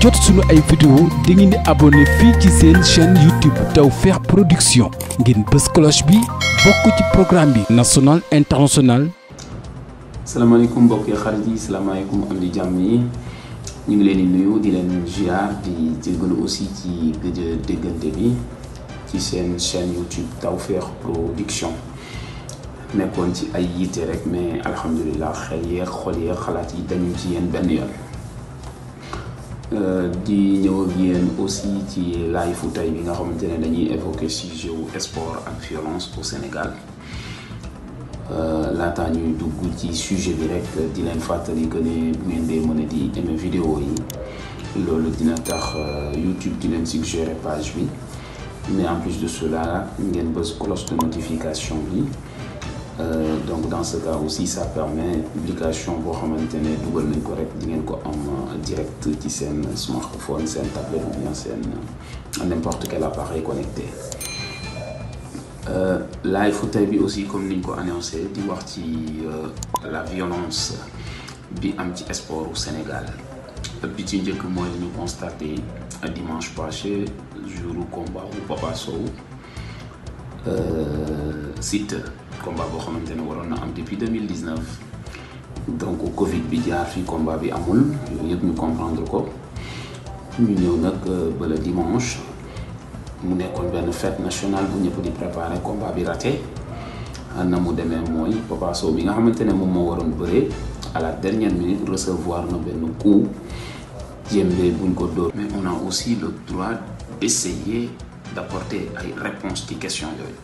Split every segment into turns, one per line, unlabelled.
jot suñu ay vidéo da ngeen di abonné fii ci seen chaîne YouTube Tawfekh Production ngir bës cloche bi bokk ci programme bi national international salaamaaleykum mbokk yi xarit yi salaamaaleykum am di jàmm yi ñu ngi leen di nuyu di leen ziar di jégalu aussi ci gëj a déggante bi ci seen chaîne YouTube Tawfekh Production nekkoon ci ay yitte rek mais alhamdulilah xel yeeg xol yeeg xalaat yi dañu ci yéen benn yoon Euh, di ñëw ak yéen aussi ci live tey bi nga xamante ne dañuy évoquer sujet wu sport ak violence au Sénégal euh, laata ñuy dugg ci sujet bi rek di leen fàttali que ne bu ngeen dee mën a di aimer yi loolu dina tax euh, YouTube di leen suggérer page bi mais en plus de cela ngeen bës cloche de notification bi. Euh, donc dans ce cas aussi ça permet publication boo xamante ne dugal nañ ko rek di ngeen ko am euh, direct ci seen smartphone seen tablette ou bien seen euh, n'importe quel appareil connecté live tey bi aussi comme niñ ko annoncé di wax ci la violence bi am ci sport au Sénégal bi ci njëkk mooy li ñu constaté dimanche passé jour combat bu Papa Sow Siteu combat boo xamante ne waroon na am depuis 2019 donc Covid bi jaar fi combat bi amul yooyu yëpp ñu comprendre ko ñu ñëw nag euh, ba le dimanche mu nekkoon benn fête nationale bu ñëpp di préparer combat bi raté na mu demee mooy Papa Sow bi nga xamante ne moom moo waroon bëree à la dernière minute recevoir na benn coup jéembe buñ ko dóor. mais on a aussi le droit d'essayer d'apporter ay réponses ci question yooyu.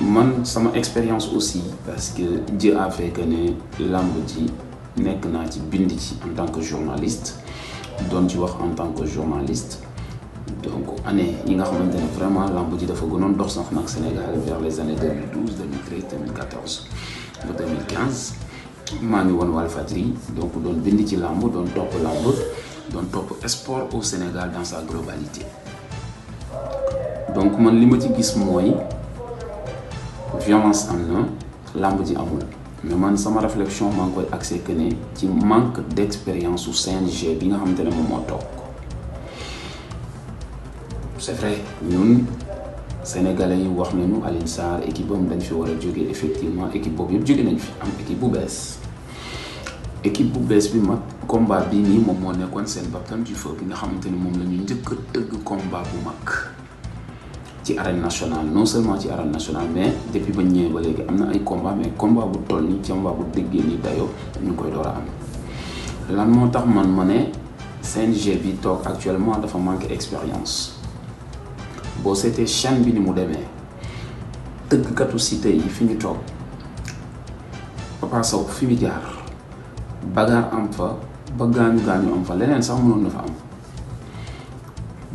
man sama expérience aussi parce que Dieu a fait que ne làmb ci nekk naa ci bind ci en tant que journaliste doon ci wax en tant que journaliste donc année yi nga xamante ne vraiment làmb ji dafa gënoon dox sax nag Sénégal vers les années 2012 2013 2014 ba 2015 maa ngi woon Walfadjri donc doon bind ci làmb doon topp làmb doon topp sport au Sénégal dans sa globalité donc man li ma ci gis mooy. violence am na làmb ji amul mais man sama réflexion maa ngi koy axé que ne ci manque d' expérience su CNG bi nga xamante ne moom moo toog c' est vrai ñun sénégalais yi wax nañu Alioune Sarr équipe am dañ fi war a jógee effectivement équipe boobu yëpp jóge nañ fi am équipe bu bees équipe bu bees bi mag combat bi nii moom moo nekkoon seen baptême du feu bi nga xamante ne moom la ñu njëkk tëgg combat bu mag. ci arène nationale non seulement ci arène nationale mais depuis ba ñëwee ba léegi am na ay combat mais combat bu toll nii combat bu déggee nii dayoo ñu ngi koy door am lan moo tax man ma ne CNG bi toog actuellement dafa manqué expérience boo seetee chaîne bi ni mu demee tëggkatu cité yi fi ñu toog Papa Sow fi mu jaar bagaar am fa ba gaañu gaañu am fa leneen sax mënoon na fa am.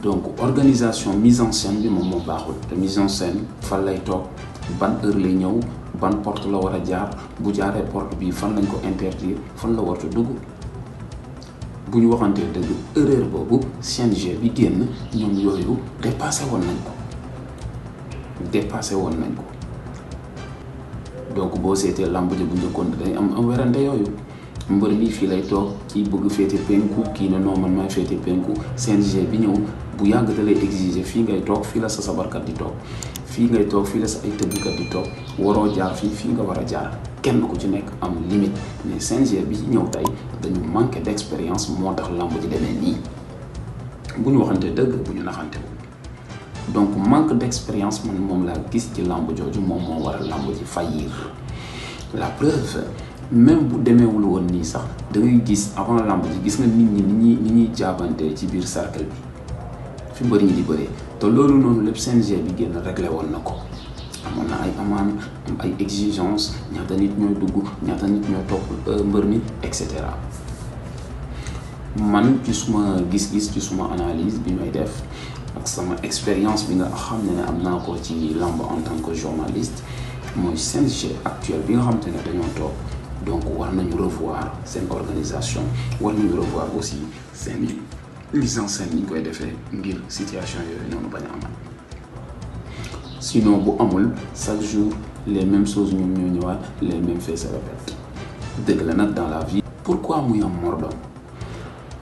donc organisation mise en scène bi moom moo baaxul te mise en scène fan lay toog ban heure lay ñëw ban porte la war a jaar bu jaaree porte bi fan lañ ko interdire fan la wartu dugg bu ñu waxantee dëgg erreur boobu CNG bi génn ñoom yooyu dépassé woon nañ ko dépassé woon nañ ko donc boo seetee làmb ji bu njëkkoon dañ am am werante yooyu mbër mi fii lay toog ci bëgg féete penku kii ne non man maay féete penku CNG bi ñëw bu yàgg da lay exiger fii ngay toog fii la sa sabarkat di toog fii ngay toog fii la sa ay tëggkat di toog waroo jaar fii fii nga war a jaar kenn ku ci nekk am limite mais CNG bi ñëw tey dañu manqué d' expérience moo tax làmb ji demee nii bu ñu waxante dëgg bu naxante donc manque d' moom laa gis ci làmb jooju moom moo waral làmb ji faillir la preuve même bu demeewul woon nii sax da gis avant lamb ji gis nga nit ñi ni ñuy ni ñuy jaabante ci biir cercle fi bëri ñi di bëree te loolu noonu lépp CNG bi génn réglé woon na ko amoon na ay amaan ay exigence ñaata nit ñooy dugg ñaata nit ñooy topp euh, mbër mi et cetera man ci suma gis-gis ci suma analyse bi may def ak sama expérience bi nga xam ne ne am naa ko ci lamb en tant que journaliste mooy CNG actuel bi nga xam te ne dañoo toog donc war nañu revoir seen organisation war nañu revoir aussi seen i licence seen ni ñu koy defee ngir situation yooyu noonu bañ a amal sinon bu amul chaque jour les même sos ñoom ñoo ñëwaat les mêmes faits se répètent dëgg la nag dans la vie. pourquoi muy am mordom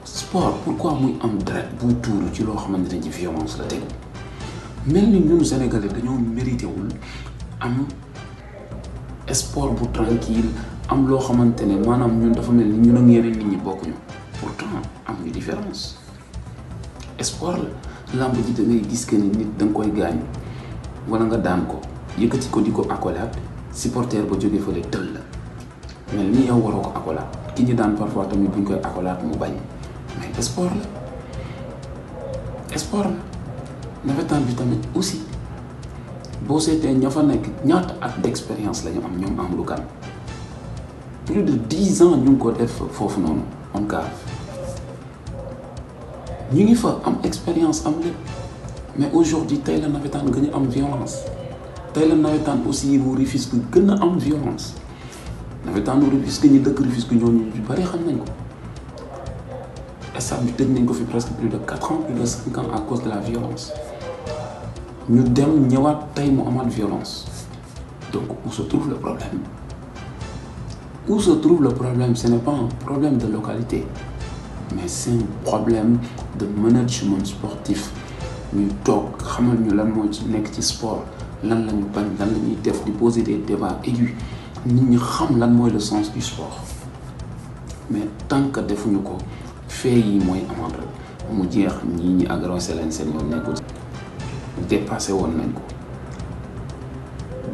sport pourquoi muy am deret buy tuuru ci loo xamante ne ci violence la tegu mel ni ñun sénégalais dañoo mérité wul am sport bu tranquille am loo xamante ne maanaam ñun dafa mel ni ñun ak yeneen nit ñi bokkuñu pourtant am ñu différence espoir la làmb ji da gis que ni nit danga koy gaañ wala nga daan ko yëkkati ko di ko accolade supporter ba jógee fële tël la mel ni yow waroo ko accolade ki ñu daan parfois tamit buñ koy accolade mu bañ mais espoir la espoir la nawetaan bi tamit aussi boo seetee ña fa nekk ñaata at d'expérience lañu am ñoom am lu kan plus de dix ans ñu ngi ko def foofu noonu on ñu ngi fa am expérience am lépp mais aujourd'hui tey la nawetaan gën a am violence tey la nawetaan aussi bu Rufisque gën a am violence nawetaanu Rufisque ñi dëkk Rufisque ñooñu ñu bëri xam nañ ko stade bi nañ ko fi presque plus de quatre ans plus de cinq ans à cause de la violence ñu dem ñëwaat tey mu amaat violence donc où se trouve le problème Où se trouve le problème Ce n'est problème de localité, mais c'est un problème de management sportif. ñu toog xamal ñu lan moo ci nekk ci sport lan la ñu bañ lan la ñuy def di poser des débats aigus nit ñi xam lan mooy le sens du sport mais tant que defuñu ko fee yi mooy amande rek mu jeex ñii ñi agressé leen seen yoon nekkul dépassé woon nañ ko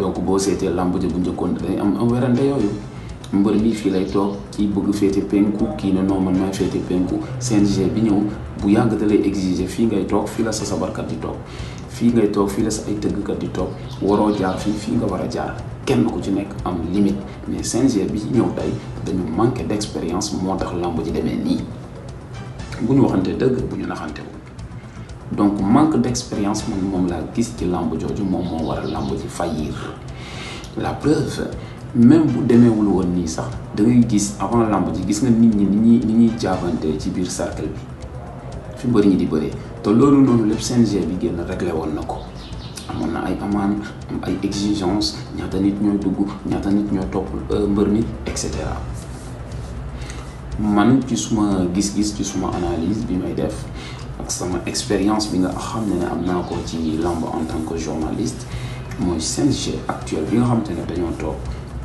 donc boo seetee làmb ji bu njëkkoon day am am werante yooyu mbër bi fii lay toog kii bëgg féete penku kii na non man maay féete penku CNG bi ñëw bu yàgg da lay exiger fii ngay toog fii la sa sabarkat di toog fii ngay toog fii la sa ay tëggkat di toog waroo jaar fii fii nga war a jaar kenn ku ci nekk am limite mais CNG bi ñëw tey dañu manqué d'expérience moo tax làmb ji demee nii bu ñu waxante dëgg bu donc manque d'expérience man moom laa gis ci làmb jooju moom moo waral làmb ji faillir la preuve même bu demeewul woon nii sax da gis avant lamb ji gis nga nit ñi ni ñuy ni ñuy jàppante ci biir cercle bi fi bëri ñi di bëree te loolu noonu lépp CNG bi génn réglé woon na ko amoon na ay amaan am ay exigence ñaata nit ñooy dugg ñaata nit ñoo topp euh, mbër mi et cetera man ci suma gis-gis ci suma analyse bi may def ak sama expérience bi nga xam ne am naa ko ci lamb en tant que journaliste mooy CNG actuel bi nga xamante ne dañoo toog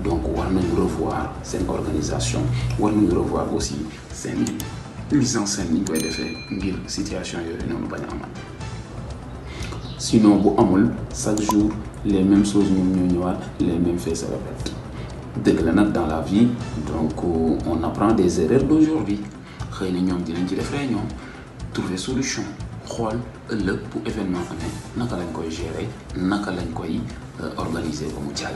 donc war nañu revoir seen organisation war nañu revoir aussi seen mise en scène ni ñu koy defee ngir situation yooyu noonu bañ a amal sinon bu amul chaque jour les mêmes choses ñoom ñoo ñëwaat les mêmes faits se répètent dëgg la nag dans la vie donc euh, on apprend des erreurs d'aujourd'hui xëy na ñoom dinañ ci def réunion trouver solution xool ëllëg bu événement amee naka lañ koy gérer naka lañ koy euh, organiser ba mu jàll